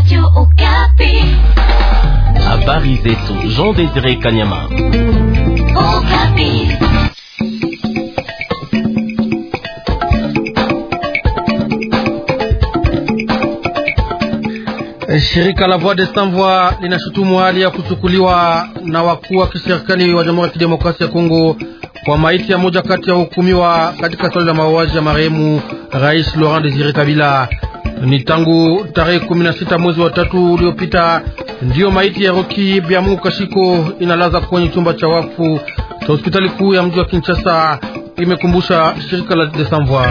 Radio Okapi. Habari zetu Jean Desire Kanyama. Okapi. Eh, shirika la Voix des Sans Voix linashutumu hali ya kuchukuliwa na wakuu wa kiserikali wa Jamhuri ya Kidemokrasia ya Kongo kwa maiti ya moja kati ya hukumiwa katika swali la mauaji ya marehemu Rais Laurent Desire Kabila. Ni tangu tarehe 16 mwezi wa tatu uliopita ndiyo maiti ya Roki Biamu Kashiko inalaza kwenye chumba cha wafu cha hospitali kuu ya mji wa Kinshasa, imekumbusha shirika la Desamvoi.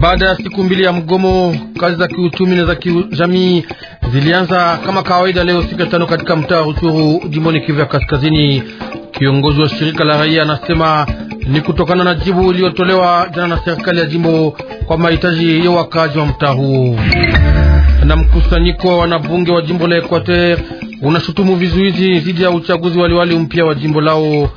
Baada ya siku mbili ya mgomo, kazi za kiuchumi na za kijamii zilianza kama kawaida leo siku ya tano katika mtaa wa Ruchuru jimboni Kivu ya Kaskazini. Kiongozi wa shirika la raia anasema ni kutokana na jibu iliyotolewa jana na serikali ya jimbo kwa mahitaji ya wakazi wa mtaa huo. Na mkusanyiko wa wanabunge wa jimbo la Equateur unashutumu vizuizi dhidi ya uchaguzi waliwali mpya wa jimbo lao,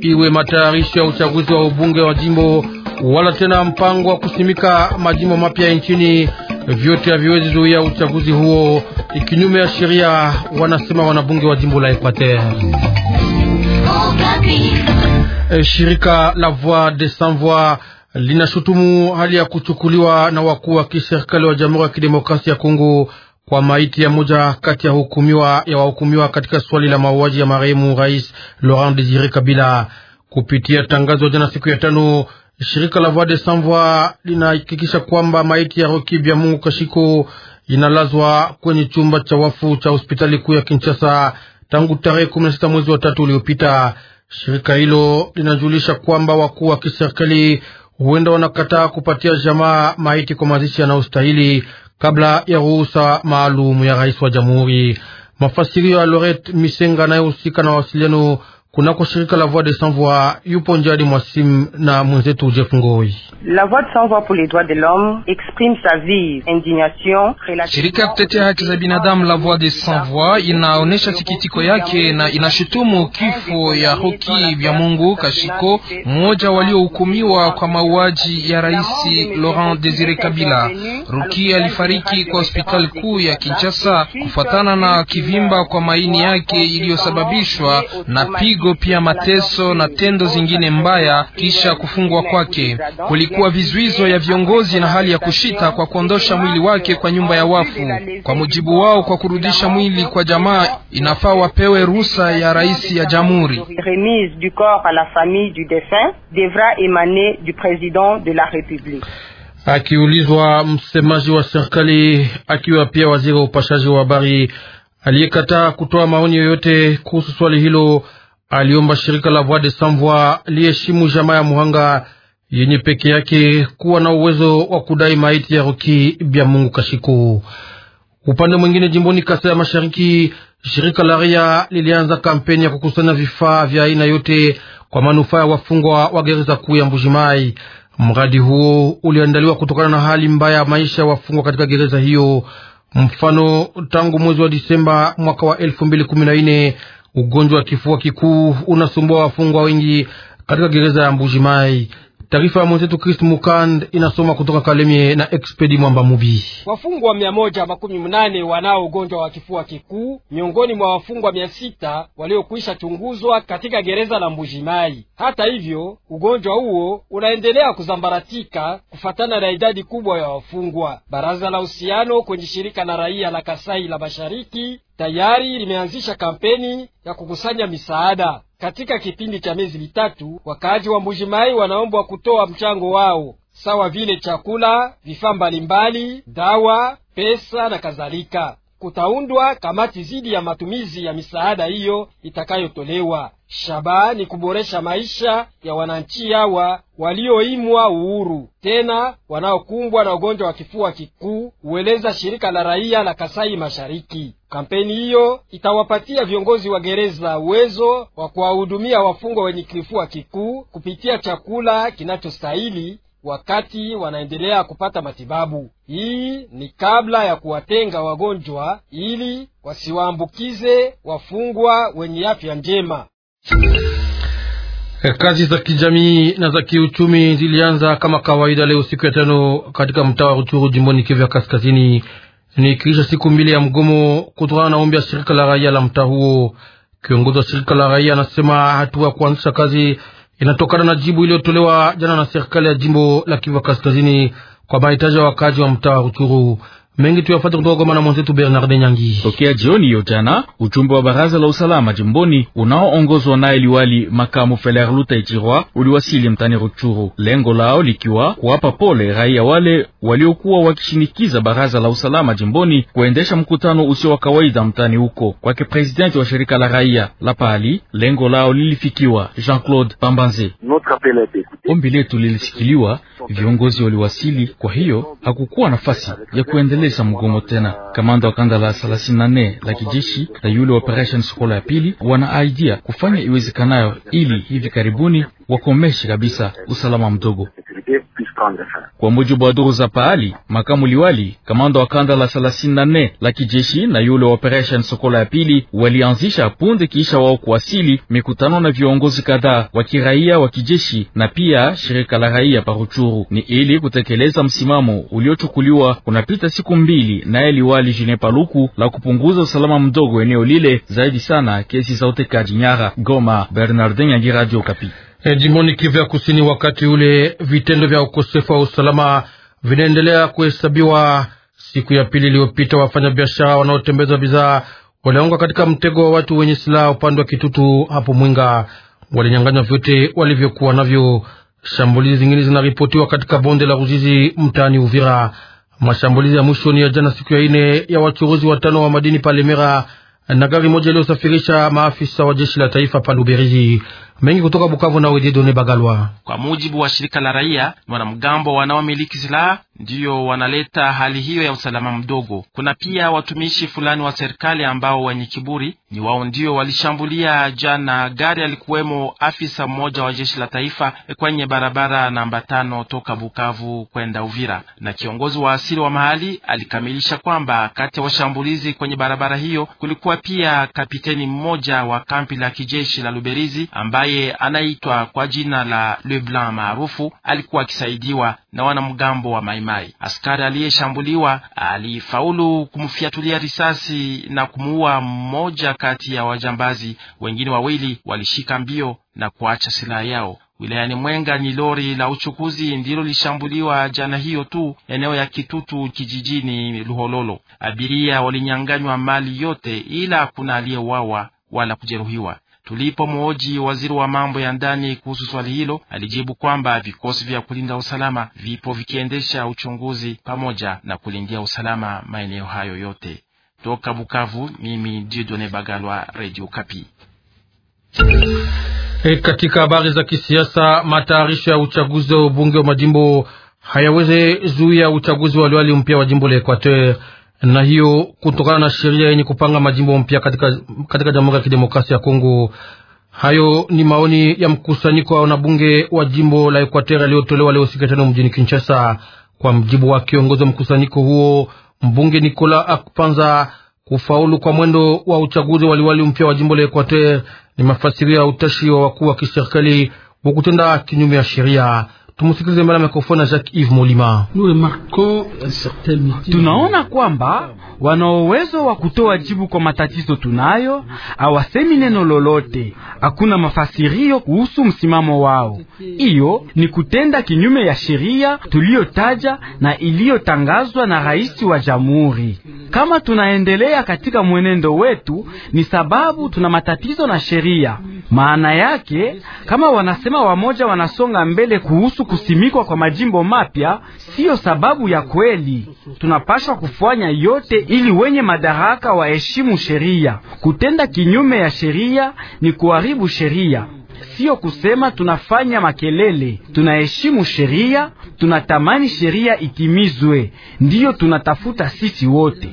iwe matayarisho ya uchaguzi wa ubunge wa jimbo wala tena mpango wa kusimika majimbo mapya nchini. Vyote haviwezi zuia uchaguzi huo ikinyume ya sheria, wanasema wanabunge wa jimbo la Equateur. Oh, e, shirika la Voix des Sans Voix linashutumu hali ya kuchukuliwa na wakuu wa kiserikali wa Jamhuri ya Kidemokrasia ya Kongo kwa maiti ya moja kati ya hukumiwa ya wahukumiwa katika swali la mauaji ya marehemu rais Laurent Desire Kabila. Kupitia tangazo jana siku ya tano, shirika la Voix des Sans Voix linahakikisha kwamba maiti ya Roki Bya Mungu Kashiko inalazwa kwenye chumba cha wafu cha hospitali kuu ya Kinshasa tangu tarehe 16 mwezi wa tatu uliopita. Shirika hilo linajulisha kwamba wakuu wa kiserikali huenda wanakataa kupatia jamaa maiti kwa mazishi yanayostahili kabla ya ruhusa maalum ya rais wa jamhuri. Mafasirio ya Loret Misenga anayehusika na wasiliano kunako shirika la Voix des Sans Voix yupo Njali Mwasim na mwenzetu Jeff Ngoi. Shirika ya kutetea haki za binadamu la Voix de Sans Voix inaonesha sikitiko yake na inashutumu kifo ya Roki vya Mungu Kashiko, mmoja waliohukumiwa kwa mauaji ya Rais Laurent Desire Kabila. Rukia alifariki kwa hospitali kuu ya Kinshasa kufuatana na kivimba kwa maini yake iliyosababishwa na pigo, pia mateso na tendo zingine mbaya. Kisha kufungwa kwake, kulikuwa vizuizo ya viongozi na hali ya kushita kwa kuondosha mwili wake kwa nyumba ya wafu. Kwa mujibu wao, kwa kurudisha mwili kwa jamaa inafaa wapewe ruhusa ya rais ya jamhuri. Remise du corps à la famille du défunt devra émaner du président de la République. Akiulizwa, msemaji wa serikali akiwa pia waziri wa upashaji wa habari aliyekataa kutoa maoni yoyote kuhusu swali hilo, aliomba shirika la Voix des Sans Voix liheshimu jamaa ya muhanga yenye peke yake kuwa na uwezo wa kudai maiti ya Roki Bya Mungu Kashiku. Upande mwingine, jimboni Kasa ya Mashariki, shirika la raia lilianza kampeni ya kukusanya vifaa vya aina yote kwa manufaa ya wafungwa wa gereza kuu ya Mbujimai. Mradi huo uliandaliwa kutokana na hali mbaya ya maisha wafungwa katika gereza hiyo. Mfano, tangu mwezi wa Disemba mwaka wa elfu mbili kumi na nne ugonjwa wa kifua kikuu unasumbua wafungwa wengi katika gereza ya Mbuji Mai. Taarifa ya mwenzetu Chris Mukand inasoma kutoka Kalemie na Expedi Mwamba Mubi. Wafungwa mia moja makumi mnane wanao ugonjwa wa kifua kikuu miongoni mwa wafungwa mia sita waliokwisha chunguzwa katika gereza la Mbujimai. Hata hivyo, ugonjwa huo unaendelea kuzambaratika kufatana na idadi kubwa ya wafungwa. Baraza la uhusiano kwenye shirika la raia la Kasai la Mashariki tayari limeanzisha kampeni ya kukusanya misaada. Katika kipindi cha miezi mitatu, wakaaji wa Mbujimai wanaombwa kutoa mchango wao sawa vile chakula, vifaa mbalimbali, dawa, pesa na kadhalika kutaundwa kamati zidi ya matumizi ya misaada hiyo itakayotolewa. Shabaha ni kuboresha maisha ya wananchi hawa walioimwa uhuru tena wanaokumbwa na ugonjwa wa kifua kikuu, hueleza shirika la raia la Kasai Mashariki. Kampeni hiyo itawapatia viongozi wa gereza uwezo wa kuwahudumia wafungwa wenye kifua kikuu kupitia chakula kinachostahili wakati wanaendelea kupata matibabu. Hii ni kabla ya kuwatenga wagonjwa ili wasiwaambukize wafungwa wenye afya njema. Eh, kazi za kijamii na za kiuchumi zilianza kama kawaida leo siku ya tano katika mtaa wa Ruchuru jimboni Kivu ya Kaskazini, ni kiisha siku mbili ya mgomo kutokana na ombi ya shirika la raia la mtaa huo. Kiongozi wa shirika la raia anasema hatua kuanzisha kazi inatokana na jibu iliyotolewa jana na serikali ya jimbo la Kivu Kaskazini kwa mahitaji ya wakazi wa mtaa wa Ruchuru mengi tuyafate kutoka kwa mwana mwenzetu Bernard Nyangi. Tokea jioni hiyo jana, ujumbe wa baraza la usalama jimboni unaoongozwa naye liwali makamu Feler Luta Ichirwa uliwasili mtani Ruchuru, lengo lao likiwa kuwapa pole raia wale waliokuwa wakishinikiza baraza la usalama jimboni kuendesha mkutano usio wa kawaida mtani huko. Kwake presidenti wa shirika la raia la Pali, lengo lao lilifikiwa. Jean Claude Pambanze: ombi letu lilisikiliwa, viongozi waliwasili, kwa hiyo hakukuwa nafasi ya kuendelea kuendeleza mgomo tena. Kamanda wa kanda la thelathini na la kijeshi na yule wa operation Sokola ya pili wana idea kufanya iwezekanayo ili hivi karibuni wakomeshe kabisa usalama mdogo. Kwa mujibu wa duru za pahali, makamu liwali, kamanda wa kanda la nne la kijeshi na yule wa operation Sokola ya pili walianzisha punde kisha wao kuwasili mikutano na viongozi kadhaa wa kiraia wa kijeshi na pia shirika la raia paruchuru, ni ili kutekeleza msimamo uliochukuliwa kunapita siku mbili naye liwali Jine Paluku la kupunguza usalama mdogo eneo lile, zaidi sana kesi za utekaji nyara. Goma, Bernardin Yangi, Radio Kapi. E, jimboni Kivu ya Kusini, wakati ule vitendo vya ukosefu wa usalama vinaendelea kuhesabiwa. Siku ya pili iliyopita, wafanyabiashara wanaotembeza bidhaa walianguka katika mtego wa watu wenye silaha upande wa Kitutu hapo Mwinga. Walinyanganywa vyote walivyokuwa navyo. Shambulizi zingine zinaripotiwa katika bonde la Ruzizi mtaani Uvira. Mashambulizi ya mwisho ni ya jana siku ya ine ya wachuruzi watano wa madini Palemera na gari moja iliyosafirisha maafisa wa jeshi la taifa pa Luberizi mengi kutoka Bukavu na Wededone Bagalwa. Kwa mujibu wa shirika la raia, ni wanamgambo wanaomiliki silaha ndiyo wanaleta hali hiyo ya usalama mdogo. Kuna pia watumishi fulani wa serikali ambao wenye kiburi ni wao ndio walishambulia jana gari alikuwemo afisa mmoja wa jeshi la taifa kwenye barabara namba tano toka Bukavu kwenda Uvira. Na kiongozi wa asili wa mahali alikamilisha kwamba kati ya washambulizi kwenye barabara hiyo kulikuwa pia kapiteni mmoja wa kampi la kijeshi la Luberizi ambaye ambaye anaitwa kwa jina la Leblanc maarufu alikuwa akisaidiwa na wanamgambo wa Maimai. Askari aliyeshambuliwa alifaulu kumfyatulia risasi na kumuua mmoja kati ya wajambazi, wengine wawili walishika mbio na kuacha silaha yao. Wilayani Mwenga ni lori la uchukuzi ndilo lishambuliwa jana hiyo tu, eneo ya Kitutu kijijini Luhololo. Abiria walinyanganywa mali yote, ila hakuna aliyeuawa wala kujeruhiwa. Tulipomwoji waziri wa mambo ya ndani kuhusu swali hilo, alijibu kwamba vikosi vya kulinda usalama vipo vikiendesha uchunguzi pamoja na kulindia usalama maeneo hayo yote. Toka Bukavu, mimi Didone Bagalwa, Radio Kapi. E, katika habari za kisiasa, matayarisho ya uchaguzi wa ubunge wa majimbo hayaweze zuia uchaguzi wa liwali mpya wa jimbo la Equateur na hiyo kutokana na sheria yenye kupanga majimbo mpya katika, katika Jamhuri ya Kidemokrasia ya Kongo. Hayo ni maoni ya mkusanyiko wa wanabunge wa jimbo la Equateur aliyotolewa leo siku ya tano mjini Kinshasa. Kwa mjibu wa kiongozi wa mkusanyiko huo mbunge nikola Akpanza, kufaulu kwa mwendo wa uchaguzi waliwali mpya wa jimbo la Equateur ni mafasiria ya utashi wa wakuu wa kiserikali wa kutenda kinyume ya sheria. Tumusikilize mbele ya mikrofoni na Jacques Yves Molima. Tunaona kwamba wana uwezo wa kutoa jibu kwa matatizo tunayo, awasemi neno lolote, hakuna mafasirio kuhusu msimamo wao. Hiyo ni kutenda kinyume ya sheria tuliyotaja na iliyotangazwa na rais wa jamhuri. Kama tunaendelea katika mwenendo wetu, ni sababu tuna matatizo na sheria. Maana yake kama wanasema wamoja wanasonga mbele kuhusu kusimikwa kwa majimbo mapya, siyo sababu ya kweli. Tunapaswa kufanya yote ili wenye madaraka waheshimu sheria. Kutenda kinyume ya sheria ni kuharibu sheria. Sio kusema tunafanya makelele, tunaheshimu sheria, tunatamani sheria itimizwe, ndiyo tunatafuta sisi wote.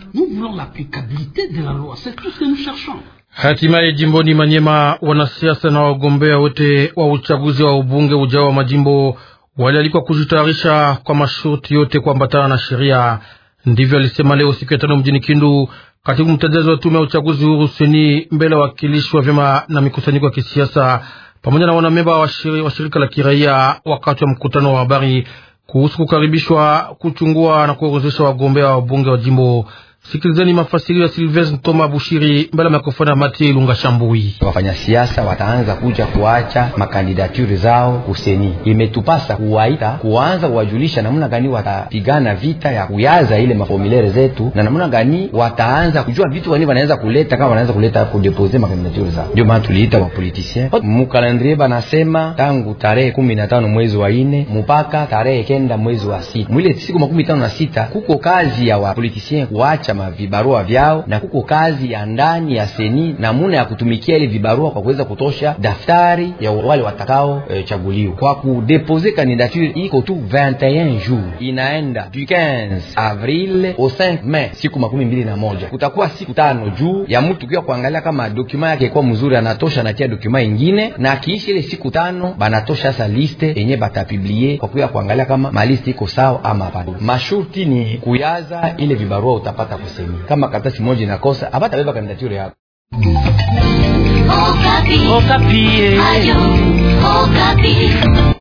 Hatimaye jimboni Manyema, wanasiasa na wagombea wote wa uchaguzi wa ubunge ujao wa majimbo walialikwa kujitayarisha kwa masharti yote kuambatana na sheria. Ndivyo alisema leo siku ya tano mjini Kindu, katibu mtendaji wa tume ya uchaguzi huru Seni, mbele ya wakilishi wa vyama na mikusanyiko ya kisiasa pamoja na wanamemba wa shirika la kiraia, wakati wa mkutano wa habari kuhusu kukaribishwa, kuchungua na kuorozesha wagombea wa bunge wa jimbo Sikilizeni mafasirio ya Silvestre Ntoma Bushiri mbele makofona Matie ilunga Shambui. Wafanyasiasa wataanza kuja kuacha makandidature zao kuseni, imetupasa kuwaita kuanza kuwajulisha namna gani watapigana vita ya kuyaza ile maformulaire zetu na namna gani wataanza kujua vitu gani wanaweza kuleta, kama wanaanza kuleta kudepose makandidature zao. Ndio maana tuliita wapolitisien mukalendrie, banasema tangu tarehe kumi na tano mwezi wa ine mpaka tarehe kenda mwezi wa sita mwile siku makumi tano na sita kuko kazi ya wapolitisien kuacha mavibarua vyao, na kuko kazi ya ndani ya seni namuna ya kutumikia ile vibarua kwa kuweza kutosha daftari ya wale watakao e, chaguliwa kwa kudepose kandidature. Iko tu 21 jours inaenda du 15 avril au 5 mai, siku makumi mbili na moja kutakuwa siku tano juu ya mtu kuya kuangalia kama dokuma yake ikuwa mzuri, anatosha anatia dokuma ingine, na akiishi ile siku tano banatosha sa liste yenye batapiblie kwa kuya kuangalia kama maliste iko sawa ama hapana. Mashurti ni kuyaza ile vibarua utapata kusaini. Kama karatasi moja inakosa, hapata beba kandidaturi yako. Okapi. Okapi. Ayo. Okapi.